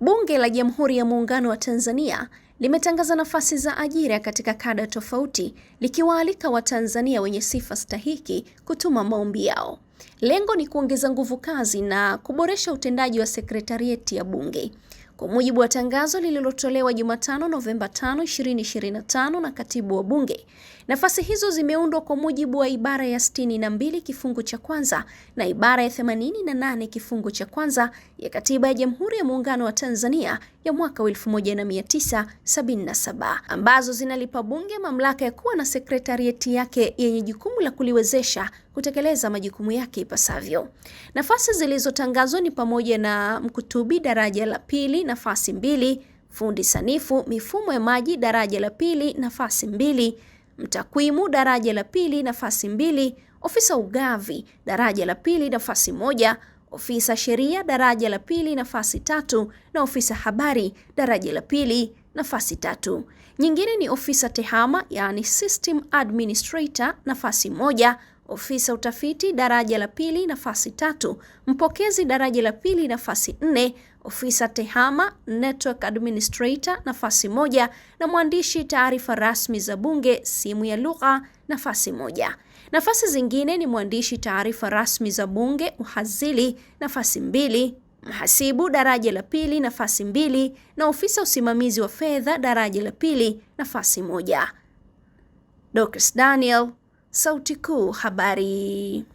Bunge la Jamhuri ya Muungano wa Tanzania limetangaza nafasi za ajira katika kada tofauti likiwaalika Watanzania wenye sifa stahiki kutuma maombi yao. Lengo ni kuongeza nguvu kazi na kuboresha utendaji wa sekretarieti ya Bunge. Kwa mujibu wa tangazo lililotolewa Jumatano Novemba 5, 2025 na katibu wa Bunge, nafasi hizo zimeundwa kwa mujibu wa ibara ya 62 kifungu cha kwanza na ibara ya 88 kifungu cha kwanza ya Katiba ya Jamhuri ya Muungano wa Tanzania ya mwaka 1977 ambazo zinalipa Bunge mamlaka ya kuwa na sekretarieti yake yenye jukumu la kuliwezesha kutekeleza majukumu yake ipasavyo. Nafasi zilizotangazwa ni pamoja na mkutubi daraja la pili nafasi mbili, fundi sanifu mifumo ya maji daraja la pili nafasi mbili, mtakwimu daraja la pili nafasi mbili, ofisa ugavi daraja la pili nafasi moja, ofisa sheria daraja la pili nafasi tatu na ofisa habari daraja la pili nafasi tatu. Nyingine ni ofisa tehama, yaani system administrator nafasi moja ofisa utafiti daraja la pili nafasi tatu, mpokezi daraja la pili nafasi nne, ofisa tehama network administrator nafasi moja, na mwandishi taarifa rasmi za bunge simu ya lugha nafasi moja. Nafasi zingine ni mwandishi taarifa rasmi za bunge uhazili nafasi mbili, mhasibu daraja la pili nafasi mbili, na ofisa usimamizi wa fedha daraja la pili nafasi moja. Dorcas Daniel Sauti Kuu Habari.